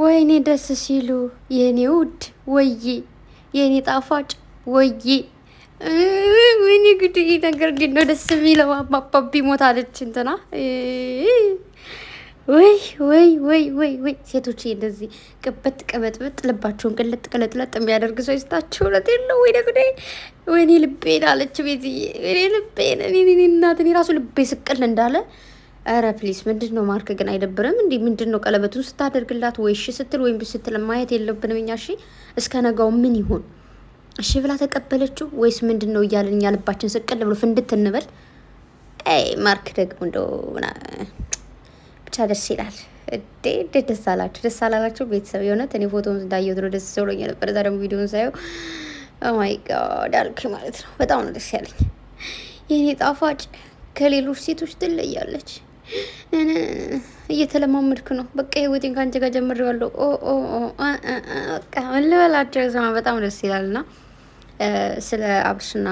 ወይኔ ደስ ሲሉ የኔ ውድ ወይ የኔ ጣፋጭ ወይ ምን ግድ ነገር እንዴት ነው ደስ የሚለው! አባባ ቢሞት አለች እንትና። ወይ ወይ ወይ ወይ ወይ! ሴቶች እንደዚህ ቅበት ቅበጥበጥ ልባቸውን ቅለጥ ቅለጥለጥ የሚያደርግ ሰው ይስጣችሁ። ለት የለው ወይ ደግዴ! ወይኔ ልቤን አለች ቤትዬ፣ ወይኔ ልቤን እናትን የራሱ ልቤ ስቅል እንዳለ ኧረ ፕሊስ ምንድን ነው ማርክ ግን አይደብርም እንዲ ምንድን ነው ቀለበቱን ስታደርግላት ወይ እሺ ስትል ወይም ስትል ማየት የለብንም እኛ እሺ እስከ ነጋው ምን ይሆን እሺ ብላ ተቀበለችው ወይስ ምንድን ነው እያለን እኛ ልባችን ስቅል ብሎ ፍንድት እንበል ማርክ ደግሞ እንደው ብቻ ደስ ይላል እዴ እንዴት ደስ አላችሁ ደስ አላላችሁ ቤተሰብ የእውነት እኔ ፎቶውን እንዳየሁት ነው ደስ ብሎኝ ነበር ዛ ደግሞ ቪዲዮን ሳየው ኦማይ ጋድ አልክ ማለት ነው በጣም ነው ደስ ያለኝ የኔ ጣፋጭ ከሌሎች ሴቶች ትለያለች እየተለማመድኩ ነው። በቃ ህይወቴን ከአንቺ ጋር ጀምሬዋለሁ። በቃ ምን ልበላቸው ስማ፣ በጣም ደስ ይላል። እና ስለ አብርሽና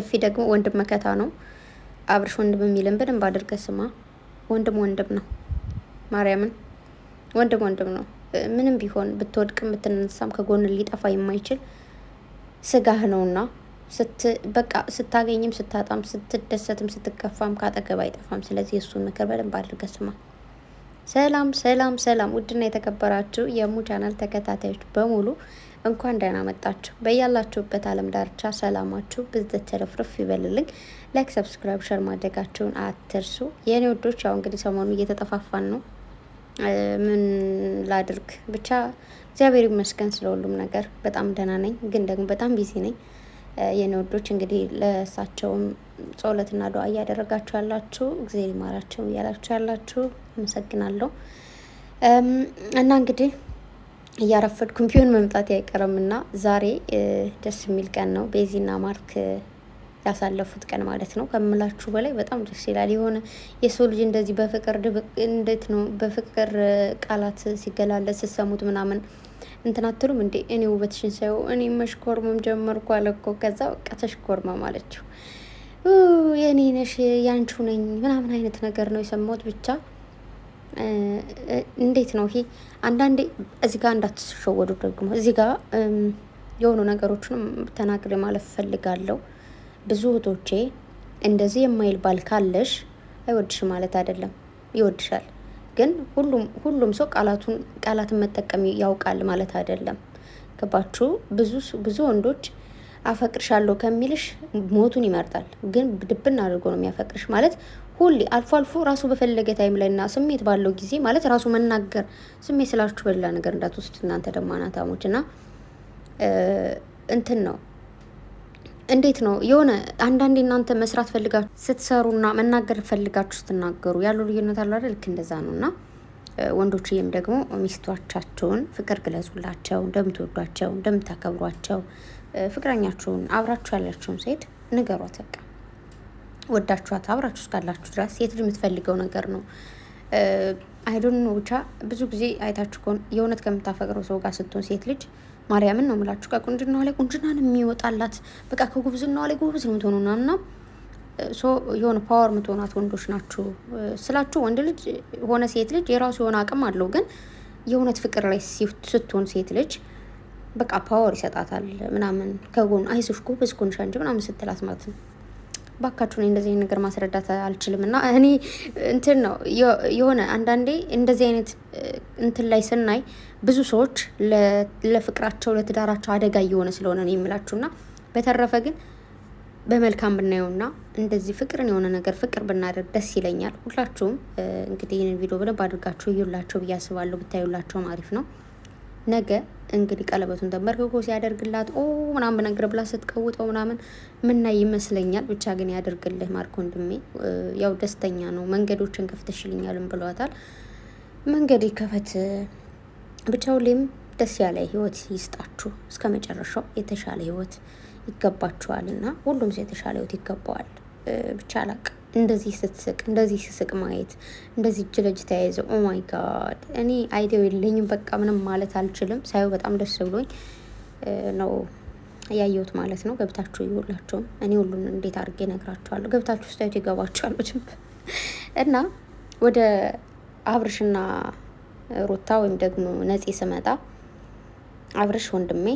ኤፊ ደግሞ ወንድም መከታ ነው። አብርሽ ወንድም የሚልን በደንብ አድርገህ ስማ። ወንድም ወንድም ነው። ማርያምን ወንድም ወንድም ነው። ምንም ቢሆን ብትወድቅም ብትነሳም ከጎን ሊጠፋ የማይችል ስጋህ ነውና በቃ ስታገኝም ስታጣም ስትደሰትም ስትከፋም ከአጠገብ አይጠፋም። ስለዚህ እሱን ምክር በደንብ አድርገህ ስማ። ሰላም ሰላም ሰላም! ውድና የተከበራችሁ የሙ ቻናል ተከታታዮች በሙሉ እንኳን ደህና መጣችሁ። በያላችሁበት ዓለም ዳርቻ ሰላማችሁ ብዝት ተረፍርፍ ይበልልኝ። ላይክ፣ ሰብስክራይብ፣ ሸር ማድረጋችሁን አትርሱ የእኔ ውዶች። ያው እንግዲህ ሰሞኑ እየተጠፋፋን ነው። ምን ላድርግ ብቻ እግዚአብሔር ይመስገን ስለ ሁሉም ነገር። በጣም ደህና ነኝ፣ ግን ደግሞ በጣም ቢዚ ነኝ የኔ ወዶች እንግዲህ ለእሳቸውም ጸሎትና ዱዓ እያደረጋችሁ ያላችሁ እግዜር ይማራቸው እያላችሁ ያላችሁ አመሰግናለሁ። እና እንግዲህ እያረፈድኩም ቢሆን መምጣት አይቀርም እና ዛሬ ደስ የሚል ቀን ነው። ቤዚና ማርክ ያሳለፉት ቀን ማለት ነው። ከምላችሁ በላይ በጣም ደስ ይላል። የሆነ የሰው ልጅ እንደዚህ በፍቅር እንዴት ነው በፍቅር ቃላት ሲገላለጽ ስሰሙት ምናምን እንትናትሉም እንዴ? እኔ ውበትሽን ሳየው እኔ መሽኮርመም ጀመርኩ አለ እኮ። ከዛ በቃ ተሽኮርመም አለችው። የኔ ነሽ ያንቹ ነኝ ምናምን አይነት ነገር ነው የሰማሁት ብቻ እንዴት ነው ይሄ? አንዳንዴ እዚህ ጋር እንዳትሸወዱ ደግሞ እዚህ ጋር የሆኑ ነገሮችንም ተናግሬ ማለፍ ፈልጋለሁ። ብዙ እህቶቼ እንደዚህ የማይል ባል ካለሽ አይወድሽ ማለት አይደለም፣ ይወድሻል። ግን ሁሉም ሁሉም ሰው ቃላቱን ቃላትን መጠቀም ያውቃል ማለት አይደለም። ገባችሁ? ብዙ ብዙ ወንዶች አፈቅርሻለሁ ከሚልሽ ሞቱን ይመርጣል። ግን ድብን አድርጎ ነው የሚያፈቅርሽ ማለት ሁሌ አልፎ አልፎ ራሱ በፈለገ ታይም ላይ እና ስሜት ባለው ጊዜ ማለት ራሱ መናገር ስሜት ስላችሁ በሌላ ነገር እንዳትወስድ እናንተ ደማናታሞች እና እንትን ነው እንዴት ነው የሆነ አንዳንዴ እናንተ መስራት ፈልጋችሁ ስትሰሩና መናገር ፈልጋችሁ ስትናገሩ ያሉ ልዩነት አለ አይደል? ልክ እንደዛ ነው እና ወንዶችዬም ደግሞ ሚስቶቻቸውን ፍቅር ግለጹላቸው፣ እንደምትወዷቸው፣ እንደምታከብሯቸው ፍቅረኛችሁን አብራችሁ ያላችሁን ሴት ንገሯት። በቃ ወዳችኋት አብራችሁ እስካላችሁ ድረስ ሴት ልጅ የምትፈልገው ነገር ነው። አይዶን ብቻ ብዙ ጊዜ አይታችሁ ከሆነ የእውነት ከምታፈቅረው ሰው ጋር ስትሆን ሴት ልጅ ማርያምን ነው ምላችሁ። ከቁንጅናዋ ላይ ቁንጅናን የሚወጣላት በቃ ከጉብዝናዋ ላይ ጉብዝ ነው ምትሆኑ ናምና ሶ የሆነ ፓወር ምትሆናት ወንዶች ናችሁ ስላችሁ፣ ወንድ ልጅ ሆነ ሴት ልጅ የራሱ የሆነ አቅም አለው። ግን የእውነት ፍቅር ላይ ስትሆን ሴት ልጅ በቃ ፓወር ይሰጣታል ምናምን ከጎን አይዞሽ ጎበዝ ጎንሻ እንጂ ምናምን ስትላት ማለት ነው። ባካችሁ እኔ እንደዚህ ነገር ማስረዳት አልችልም። እና እኔ እንትን ነው የሆነ አንዳንዴ እንደዚህ አይነት እንትን ላይ ስናይ ብዙ ሰዎች ለፍቅራቸው ለትዳራቸው አደጋ እየሆነ ስለሆነ ነው የሚላችሁና በተረፈ ግን በመልካም ብናየውና እንደዚህ ፍቅርን የሆነ ነገር ፍቅር ብናደርግ ደስ ይለኛል። ሁላችሁም እንግዲህ ይህንን ቪዲዮ በደንብ አድርጋችሁ እዩላቸው ብዬ አስባለሁ። ብታዩላቸውም አሪፍ ነው ነገ እንግዲህ ቀለበቱን ተንበርክኮ ሲያደርግላት ኦ ምናምን ነገር ብላ ስትቀውጠው ምናምን ምና ይመስለኛል። ብቻ ግን ያደርግልህ ማርክ ወንድሜ፣ ያው ደስተኛ ነው። መንገዶችን ከፍተሽልኛልም ብሏታል። መንገድ ይከፈት ብቻ። ሁሌም ደስ ያለ ህይወት ይስጣችሁ እስከ መጨረሻው። የተሻለ ህይወት ይገባችኋል እና ሁሉም ሰው የተሻለ ህይወት ይገባዋል። ብቻ አላቅ እንደዚህ ስትስቅ እንደዚህ ስስቅ ማየት እንደዚህ እጅ ለእጅ ተያይዘው ኦ ማይ ጋድ። እኔ አይዲያው የለኝም በቃ ምንም ማለት አልችልም። ሳየው በጣም ደስ ብሎኝ ነው ያየሁት ማለት ነው። ገብታችሁ ይሁላችሁም እኔ ሁሉን እንዴት አድርጌ ነግራችኋለሁ። ገብታችሁ ስታዩት ይገባችኋል በደንብ እና ወደ አብርሽና ሩታ ወይም ደግሞ ነፂ ስመጣ አብርሽ ወንድሜ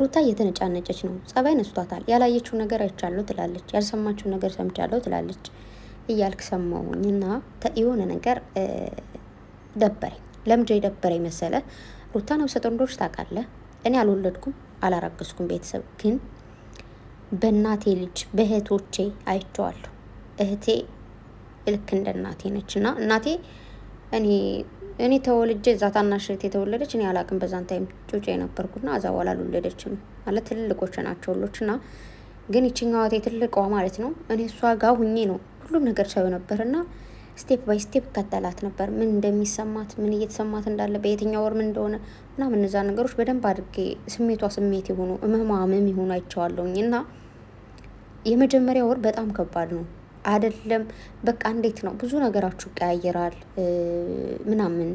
ሩታ እየተነጫነጨች ነው። ጸባይ ነስቷታል። ያላየችው ነገር አይቻለሁ ትላለች፣ ያልሰማችው ነገር ሰምቻለሁ ትላለች። እያልክ ሰማሁኝ እና የሆነ ነገር ደበረኝ። ለምጃ ደበረኝ መሰለ። ሩታ ነፍሰ ጡር እንደሆነች ታውቃለህ። እኔ አልወለድኩም አላራገስኩም ቤተሰብ ግን በእናቴ ልጅ በእህቶቼ አይቼዋለሁ። እህቴ ልክ እንደ እናቴ ነች እና እናቴ እኔ እኔ ተወልጄ እዛ ታናሽ እህቴ የተወለደች እኔ አላቅም። በዛን ታይም ጩጬ የነበርኩና እዛ በኋላ አልወለደችም ማለት ትልልቆች ናቸው ሁሎች ና ግን ይችኛዋ እህቴ ትልቋ ማለት ነው እኔ እሷ ጋር ሁኜ ነው ሁሉም ነገር ሰው ነበር እና ስቴፕ ባይ ስቴፕ እከተላት ነበር፣ ምን እንደሚሰማት ምን እየተሰማት እንዳለ በየትኛው ወር ምን እንደሆነ ምናምን እነዛ ነገሮች በደንብ አድርጌ ስሜቷ ስሜት የሆኑ እመማመም የሆኑ አይቸዋለውኝ እና የመጀመሪያ ወር በጣም ከባድ ነው። አይደለም በቃ እንዴት ነው ብዙ ነገራችሁ ይቀያየራል ምናምን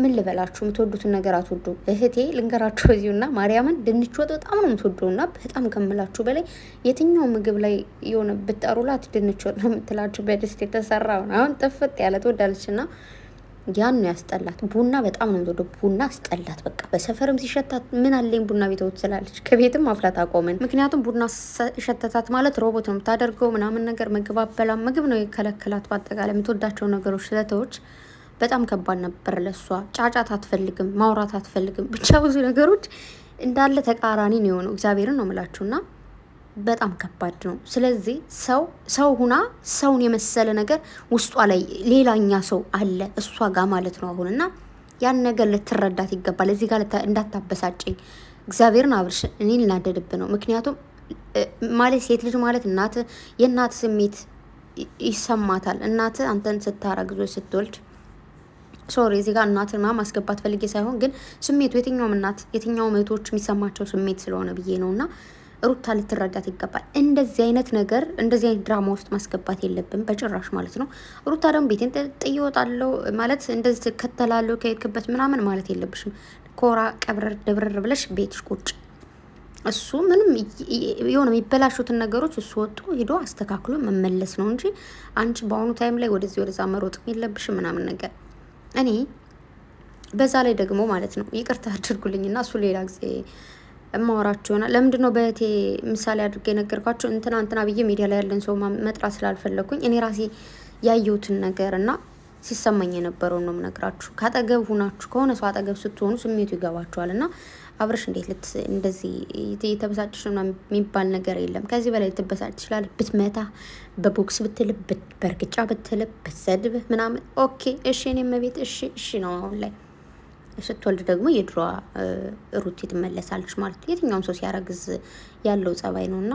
ምን ልበላችሁ፣ የምትወዱትን ነገር አትወዱ። እህቴ ልንገራችሁ እዚሁና ማርያምን ድንች ወጥ በጣም ነው የምትወዱ እና በጣም ከምላችሁ በላይ የትኛው ምግብ ላይ የሆነ ብጠሩላት ድንች ወጥ ነው የምትላችሁ። በድስት የተሰራውን አሁን ጥፍጥ ያለ ትወዳለች እና ያን ነው ያስጠላት። ቡና በጣም ነው የምትወደው። ቡና አስጠላት። በቃ በሰፈርም ሲሸታት ምን አለኝ ቡና ቤተውት ስላለች ከቤትም ማፍላት አቆመን። ምክንያቱም ቡና ሸተታት ማለት ሮቦት ነው የምታደርገው ምናምን ነገር ምግብ አበላ ምግብ ነው የከለከላት። በአጠቃላይ የምትወዳቸው ነገሮች ስለተዎች በጣም ከባድ ነበር ለሷ። ጫጫት አትፈልግም፣ ማውራት አትፈልግም። ብቻ ብዙ ነገሮች እንዳለ ተቃራኒ ነው የሆነው። እግዚአብሔርን ነው ምላችሁና በጣም ከባድ ነው። ስለዚህ ሰው ሰው ሁና ሰውን የመሰለ ነገር ውስጧ ላይ ሌላኛ ሰው አለ እሷ ጋር ማለት ነው አሁን እና ያን ነገር ልትረዳት ይገባል። እዚህ ጋር እንዳታበሳጭኝ እግዚአብሔርን አብርሽ እኔ ልናደድብ ነው። ምክንያቱም ማለት ሴት ልጅ ማለት እናት የእናት ስሜት ይሰማታል። እናት አንተን ስታረግዞች ስትወልድ ሶሪ እዚህ ጋር እናትና ማስገባት ፈልጌ ሳይሆን ግን ስሜቱ የትኛውም እናት የትኛውም እህቶች የሚሰማቸው ስሜት ስለሆነ ብዬ ነው እና ሩታ ልትረዳት ይገባል። እንደዚህ አይነት ነገር እንደዚህ አይነት ድራማ ውስጥ ማስገባት የለብን በጭራሽ ማለት ነው። ሩታ ደግሞ ቤቴን ጥዬ እወጣለሁ ማለት እንደዚህ ትከተላለሁ ከሄድክበት ምናምን ማለት የለብሽም። ኮራ ቀብረር ደብረር ብለሽ ቤትሽ ቁጭ። እሱ ምንም የሆነ የሚበላሹትን ነገሮች እሱ ወጡ ሄዶ አስተካክሎ መመለስ ነው እንጂ አንቺ በአሁኑ ታይም ላይ ወደዚህ ወደዛ መሮጥም የለብሽም ምናምን ነገር እኔ በዛ ላይ ደግሞ ማለት ነው ይቅርታ አድርጉልኝና እሱ ሌላ ጊዜ ማወራቸው ይሆናል። ለምንድን ነው በእህቴ ምሳሌ አድርጌ የነገርኳቸው እንትና እንትና ብዬ ሚዲያ ላይ ያለን ሰው መጥራት ስላልፈለግኩኝ እኔ ራሴ ያየሁትን ነገር እና ሲሰማኝ የነበረውን ነው የምነግራችሁ። ከአጠገብ ሁናችሁ ከሆነ ሰው አጠገብ ስትሆኑ ስሜቱ ይገባችኋል እና አብረሽ እንዴት ልት እንደዚህ የተበሳጭሽ የሚባል ነገር የለም። ከዚህ በላይ ልትበሳጭ ትችላለህ። ብትመታ፣ በቦክስ ብትልብ፣ በእርግጫ ብትልብ፣ ብትሰድብህ ምናምን ኦኬ፣ እሺ፣ እኔ መቤት እሺ፣ እሺ ነው አሁን ላይ ስትወልድ ደግሞ የድሯ ሩት ትመለሳለች ማለት ነው። የትኛውም ሰው ሲያረግዝ ያለው ጸባይ ነው እና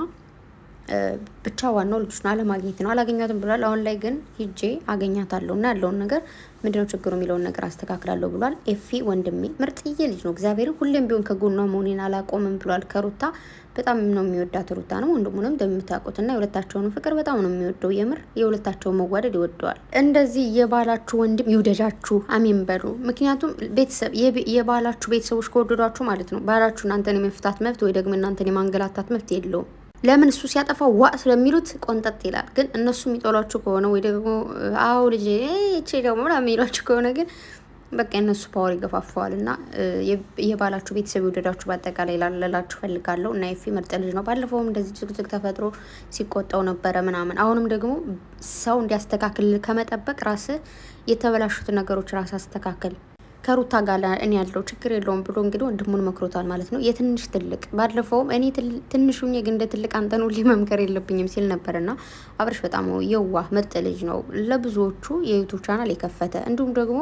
ብቻ ዋናው ልጆችን አለማግኘት ነው። አላገኛትም ብሏል። አሁን ላይ ግን ሂጄ አገኛታለሁ እና ያለውን ነገር ምንድነው ችግሩ የሚለውን ነገር አስተካክላለሁ ብሏል። ኤፊ ወንድሜ ምርጥዬ ልጅ ነው። እግዚአብሔር ሁሌም ቢሆን ከጎኗ መሆኔን አላቆምም ብሏል። ከሩታ በጣም ነው የሚወዳት ሩታ ነው ወንድሙንም እንደምታውቁትና የሁለታቸውን ፍቅር በጣም ነው የሚወደው። የምር የሁለታቸውን መዋደድ ይወደዋል። እንደዚህ የባላችሁ ወንድም ይውደዳችሁ፣ አሜን በሉ። ምክንያቱም ቤተሰብ የባላችሁ ቤተሰቦች ከወደዷችሁ ማለት ነው ባላችሁ እናንተን የመፍታት መብት ወይ ደግሞ እናንተን የማንገላታት መብት የለውም። ለምን እሱ ሲያጠፋ ዋ ስለሚሉት ቆንጠጥ ይላል። ግን እነሱ የሚጠሏቸው ከሆነ ወይ ደግሞ አዎ ልጅ ቼ ደግሞ የሚሏቸው ከሆነ ግን በቃ እነሱ ፓወር ይገፋፈዋል። እና የባላችሁ ቤተሰብ ይወደዳችሁ በአጠቃላይ ላለላችሁ ፈልጋለሁ። እና የፊ ምርጥ ልጅ ነው። ባለፈውም እንደዚህ ጭቅጭቅ ተፈጥሮ ሲቆጣው ነበረ ምናምን። አሁንም ደግሞ ሰው እንዲያስተካክል ከመጠበቅ ራስ የተበላሹት ነገሮች ራስ አስተካክል። ከሩታ ጋር እኔ ያለው ችግር የለውም ብሎ እንግዲህ ወንድሙን መክሮታል ማለት ነው። የትንሽ ትልቅ ባለፈውም እኔ ትንሹ ግን እንደ ትልቅ አንተን ሁሌ መምከር የለብኝም ሲል ና አብርሽ በጣም የዋህ ምርጥ ልጅ ነው። ለብዙዎቹ የዩቱብ ቻናል የከፈተ እንዲሁም ደግሞ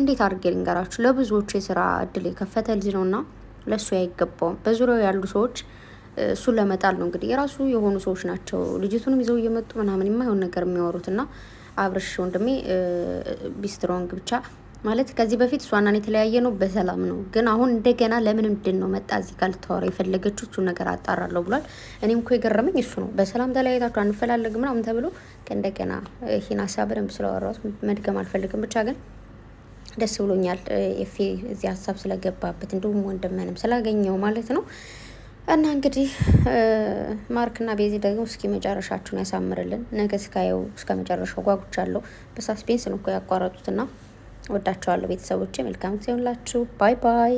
እንዴት አድርጌ ልንገራችሁ ለብዙዎቹ የስራ እድል የከፈተ ልጅ ና ለእሱ አይገባውም። በዙሪያው ያሉ ሰዎች እሱ ለመጣል ነው እንግዲህ የራሱ የሆኑ ሰዎች ናቸው። ልጅቱንም ይዘው እየመጡ ምናምን የማይሆን ነገር ና አብርሽ ወንድሜ ቢስትሮንግ ብቻ ማለት ከዚህ በፊት እሷናን የተለያየ ነው በሰላም ነው። ግን አሁን እንደገና ለምን ምንድን ነው መጣ እዚህ ጋር ልታወራ የፈለገችው እሱ ነገር አጣራለሁ ብሏል። እኔም እኮ የገረመኝ እሱ ነው። በሰላም ተለያየታችሁ አንፈላለግ ምናምን ተብሎ ከእንደገና ይህን ሀሳብ በደንብ ስለወራት መድገም አልፈልግም። ብቻ ግን ደስ ብሎኛል ኤፌ እዚህ ሀሳብ ስለገባበት እንዲሁም ወንድምህንም ስላገኘው ማለት ነው። እና እንግዲህ ማርክና ቤዚ ደግሞ እስኪ መጨረሻችሁን ያሳምርልን። ነገ ስካየው እስከ መጨረሻው ጓጉቻለሁ። በሳስፔንስ ነው እኮ ያቋረጡትና ወዳችኋለሁ ቤተሰቦቼ። መልካም ጊዜ ሆንላችሁ። ባይ ባይ።